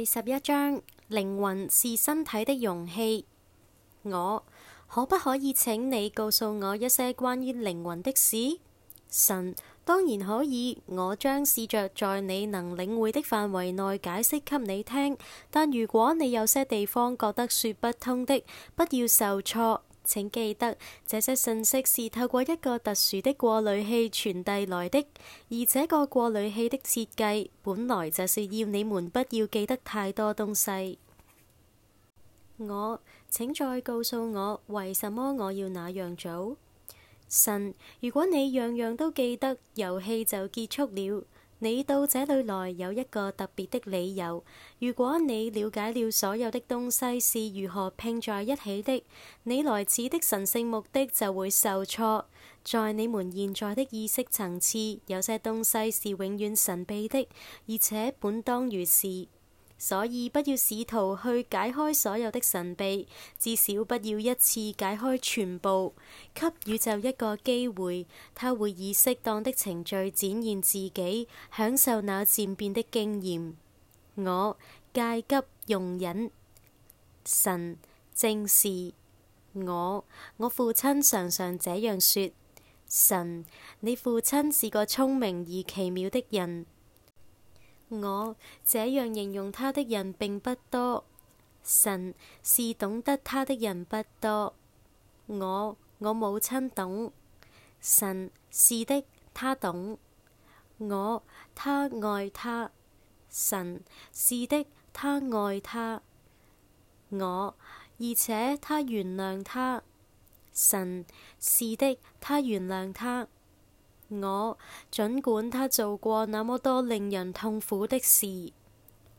第十一章，靈魂是身體的容器。我可不可以請你告訴我一些關於靈魂的事？神，當然可以，我將試着在你能領會的範圍內解釋給你聽。但如果你有些地方覺得說不通的，不要受挫。請記得，這些信息是透過一個特殊的過濾器傳遞來的，而這個過濾器的設計本來就是要你們不要記得太多東西。我，請再告訴我，為什麼我要那樣做？神，如果你樣樣都記得，遊戲就結束了。你到這裏來有一個特別的理由。如果你瞭解了所有的東西是如何拼在一起的，你來此的神聖目的就會受挫。在你們現在的意識層次，有些東西是永遠神秘的，而且本當如是。所以不要試圖去解開所有的神秘，至少不要一次解開全部。給宇宙一個機會，他會以適當的程序展現自己，享受那漸變的經驗。我戒急容忍，神正是我。我父親常常這樣說，神，你父親是個聰明而奇妙的人。我，這樣形容他的人並不多。神，是懂得他的人不多。我。我母親懂。神，是的，他懂。我，他愛他。神，是的，他愛他。我，而且他原諒他。神，是的，他原諒他。我，儘管他做過那麼多令人痛苦的事，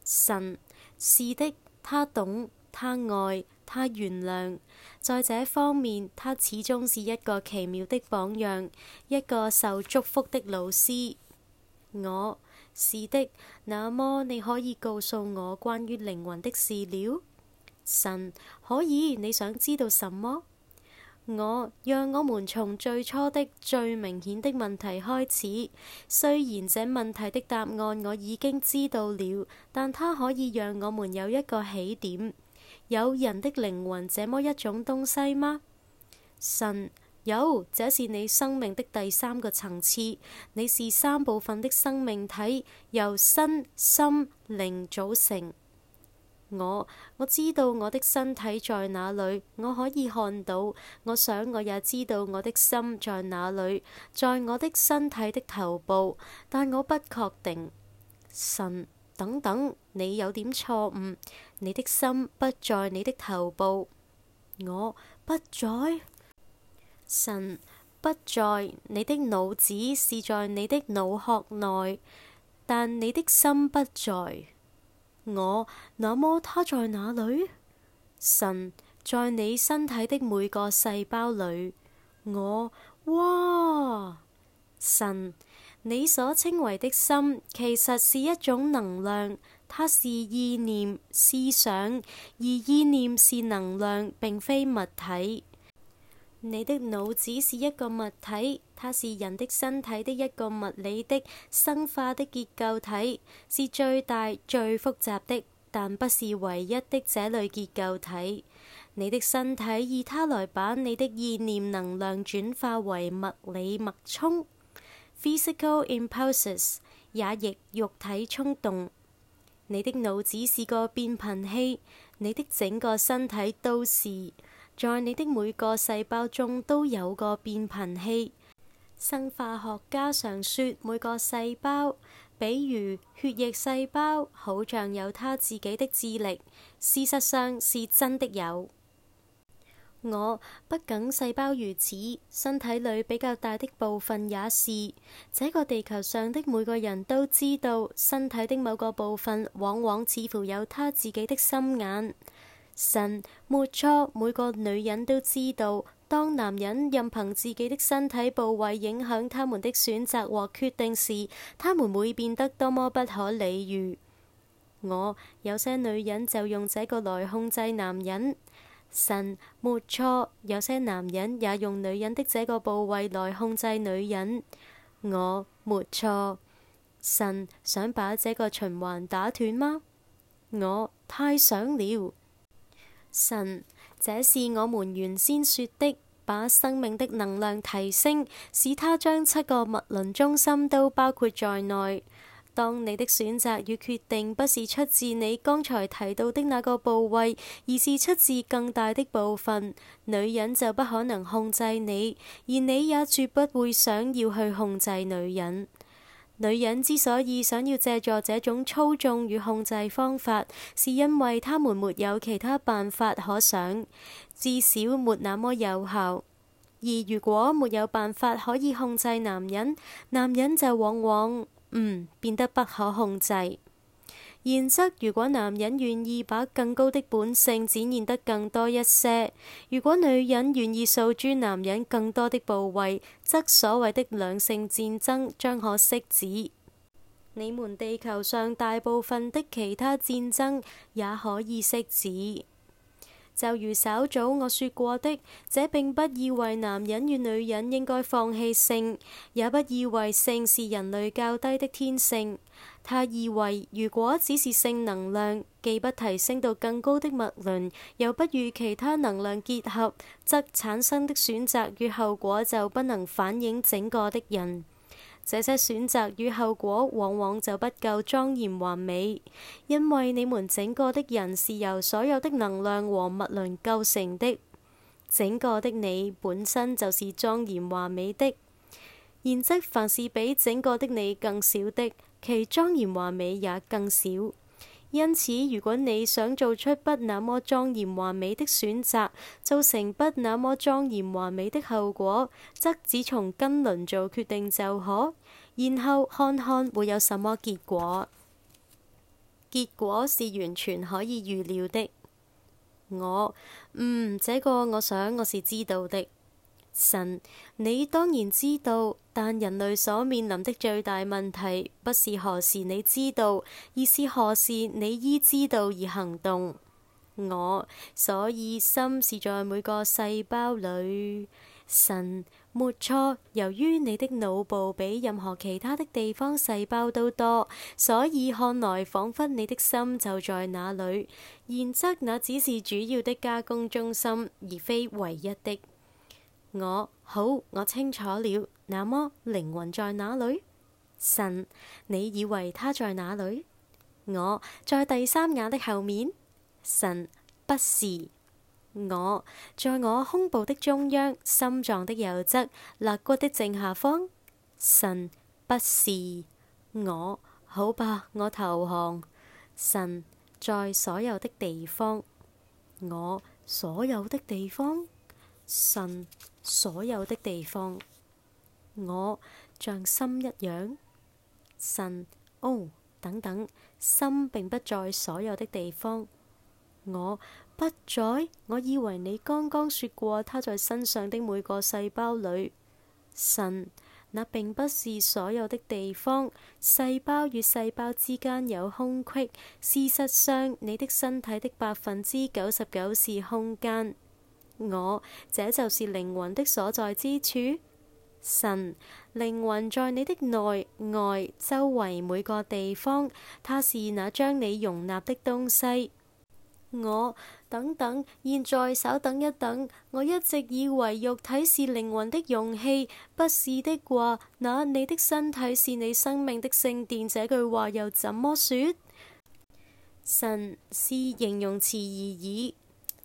神，是的，他懂，他愛，他原諒，在這方面，他始終是一個奇妙的榜樣，一個受祝福的老師。我，是的，那麼你可以告訴我關於靈魂的事了。神，可以，你想知道什麼？我，讓我們從最初的最明顯的問題開始，雖然這問題的答案我已經知道了，但它可以讓我們有一個起點。有人的靈魂這麼一種東西嗎？神，有，這是你生命的第三個層次。你是三部分的生命體，由身心靈組成。我我知道我的身體在哪裡，我可以看到。我想我也知道我的心在哪裡，在我的身體的頭部，但我不確定。神，等等，你有點錯誤。你的心不在你的頭部，我不在。神不在你的腦子，是在你的腦殼內，但你的心不在。我，那麼他在哪裏？神在你身體的每個細胞裏。我，哇，神，你所稱為的心，其實是一種能量，它是意念思想，而意念是能量，並非物體。你的腦子是一個物體，它是人的身體的一個物理的、生化的結構體，是最大、最複雜的，但不是唯一的這類結構體。你的身體以它來把你的意念能量轉化為物理脈衝 （physical impulses），也譯肉體衝動。你的腦子是個變頻器，你的整個身體都是。在你的每個細胞中都有個變頻器。生化學家常說，每個細胞，比如血液細胞，好像有他自己的智力。事實上是真的有。我不僅細胞如此，身體裏比較大的部分也是。這個地球上的每個人都知道，身體的某個部分往往似乎有他自己的心眼。神，沒錯，每個女人都知道，當男人任憑自己的身體部位影響他們的選擇或決定時，他們會變得多麼不可理喻。我有些女人就用這個來控制男人。神，沒錯，有些男人也用女人的這個部位來控制女人。我沒錯，神想把這個循環打斷嗎？我太想了。神，這是我們原先說的，把生命的能量提升，使它將七個物輪中心都包括在內。當你的選擇與決定不是出自你剛才提到的那個部位，而是出自更大的部分，女人就不可能控制你，而你也絕不會想要去控制女人。女人之所以想要借助這種操縱與控制方法，是因為他們沒有其他辦法可想，至少沒那麼有效。而如果沒有辦法可以控制男人，男人就往往，嗯，變得不可控制。然則，如果男人願意把更高的本性展現得更多一些，如果女人願意訴諸男人更多的部位，則所謂的兩性戰爭將可息止。你們地球上大部分的其他戰爭也可以息止。就如稍早我說過的，這並不意味男人與女人應該放棄性，也不意味性是人類較低的天性。他意味，如果只是性能量，既不提升到更高的脈輪，又不與其他能量結合，則產生的選擇與後果就不能反映整個的人。這些選擇與後果往往就不夠莊嚴華美，因為你們整個的人是由所有的能量和物輪構成的，整個的你本身就是莊嚴華美的。然則，凡是比整個的你更小的，其莊嚴華美也更小。因此，如果你想做出不那麼莊嚴完美的選擇，造成不那麼莊嚴完美的後果，則只從根輪做決定就可，然後看看會有什麼結果。結果是完全可以預料的。我，嗯，這個我想我是知道的。神，你當然知道，但人類所面臨的最大問題不是何時你知道，而是何時你依知道而行動。我所以心是在每個細胞裡。神，沒錯，由於你的腦部比任何其他的地方細胞都多，所以看來仿佛你的心就在那裡。然則那只是主要的加工中心，而非唯一的。我好，我清楚了。那麼靈魂在哪裏？神，你以為他在哪裏？我在第三眼的後面。神，不是。我在我胸部的中央，心臟的右側，肋骨的正下方。神，不是。我好吧，我投降。神，在所有的地方，我所有的地方。神，所有的地方。我，像心一樣？神，哦，等等，心並不在所有的地方。我，不在？我以為你剛剛說過他在身上的每個細胞裏。神，那並不是所有的地方，細胞與細胞之間有空隙。事實上，你的身體的百分之九十九是空間。我，這就是靈魂的所在之處。神，靈魂在你的內外、周圍每個地方，它是那將你容納的東西。我，等等，現在稍等一等。我一直以為肉體是靈魂的容器，不是的話，那你的身體是你生命的聖殿，這句話又怎麼說？神，是形容詞而已。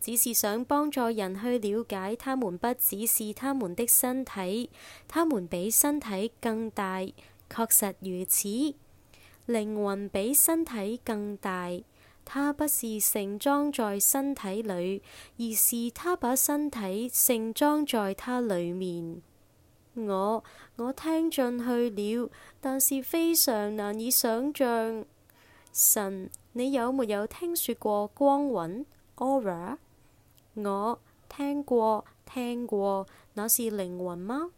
只是想幫助人去了解他們，不只是他們的身體，他們比身體更大。確實如此，靈魂比身體更大。它不是盛裝在身體裏，而是他把身體盛裝在它裏面。我我聽進去了，但是非常難以想象。神，你有沒有聽說過光暈 （aura）？我聽過聽過，那是靈魂嗎？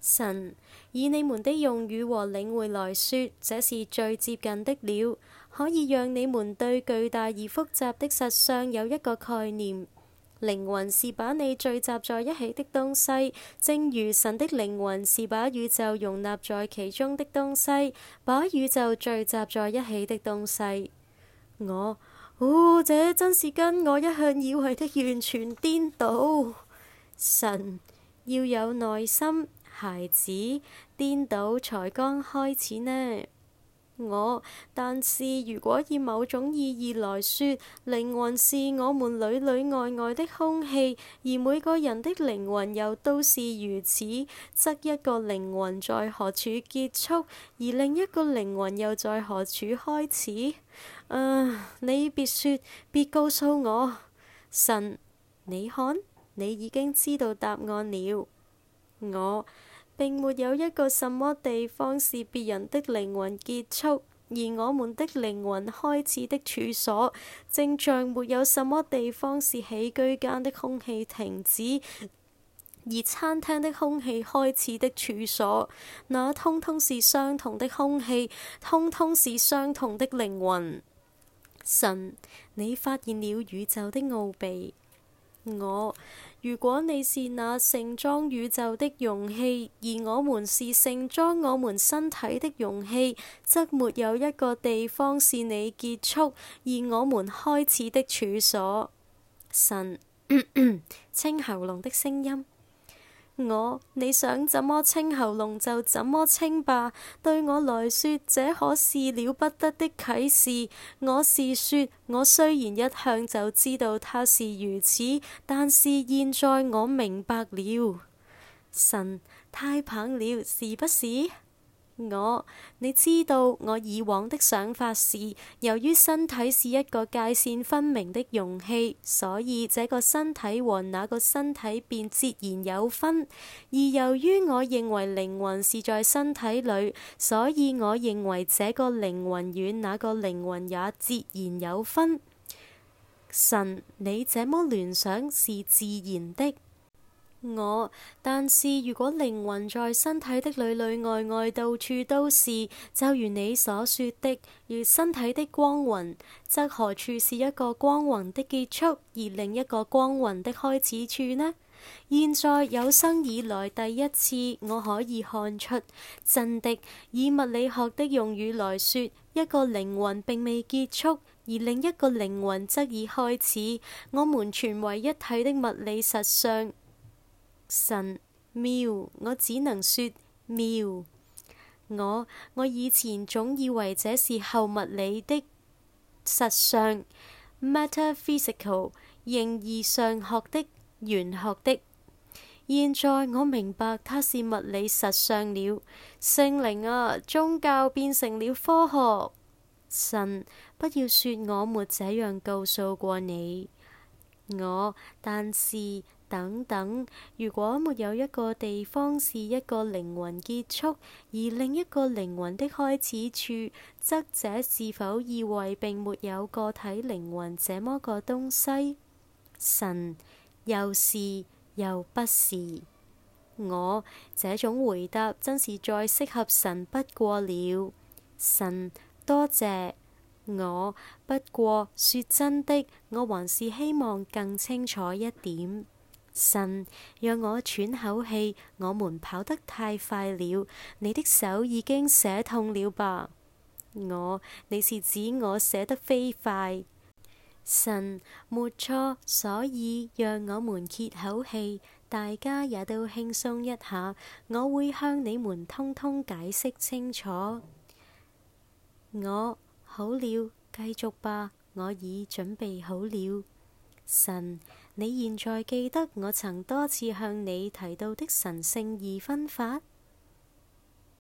神以你們的用語和領會來說，這是最接近的了，可以讓你們對巨大而複雜的實相有一個概念。靈魂是把你聚集在一起的東西，正如神的靈魂是把宇宙容納在其中的東西，把宇宙聚集在一起的東西。我哦，這真是跟我一向以為的完全顛倒。神要有耐心，孩子，顛倒才剛開始呢。我，但是如果以某種意義來說，靈魂是我們裡裡外外的空氣，而每個人的靈魂又都是如此，則一個靈魂在何處結束，而另一個靈魂又在何處開始？啊！Uh, 你別說，別告訴我，神，你看你已經知道答案了。我並沒有一個什麼地方是別人的靈魂結束，而我們的靈魂開始的處所，正像沒有什麼地方是起居間的空氣停止，而餐廳的空氣開始的處所，那通通是相同的空氣，通通是相同的靈魂。神，你發現了宇宙的奧秘。我，如果你是那盛裝宇宙的容器，而我們是盛裝我們身體的容器，則沒有一個地方是你結束，而我們開始的處所。神， 清喉嚨的聲音。我，你想怎麼清喉嚨就怎麼清吧，對我來說這可是了不得的啟示。我是說，我雖然一向就知道他是如此，但是現在我明白了。神，太棒了，是不是？我，你知道我以往的想法是，由於身體是一個界線分明的容器，所以這個身體和那個身體便截然有分；而由於我認為靈魂是在身體裏，所以我認為這個靈魂與那個靈魂也截然有分。神，你這麼聯想是自然的。我但是，如果靈魂在身體的裏裏外外到處都是，就如你所說的，而身體的光暈，則何處是一個光暈的結束，而另一個光暈的開始處呢？現在有生以來第一次，我可以看出，真的以物理學的用語來說，一個靈魂並未結束，而另一個靈魂則已開始。我們全為一體的物理實相。神妙，妙,我只能說妙。我我以前總以為這是後物理的實相 metaphysical 形而上學的玄學的。現在我明白它是物理實相了。聖靈啊，宗教變成了科學。神，不要說我沒這樣告訴過你，我，但是。等等，如果沒有一個地方是一個靈魂結束，而另一個靈魂的開始處，則這是否意味並沒有個體靈魂這麼個東西？神，又是又不是。我，這種回答真是再適合神不過了。神，多謝。我，不過說真的，我還是希望更清楚一點。神讓我喘口氣，我們跑得太快了，你的手已經寫痛了吧？我，你是指我寫得飛快？神，沒錯，所以讓我們歇口氣，大家也都輕鬆一下，我會向你們通通解釋清楚。我，好了，繼續吧，我已準備好了。神。你現在記得我曾多次向你提到的神聖二分法？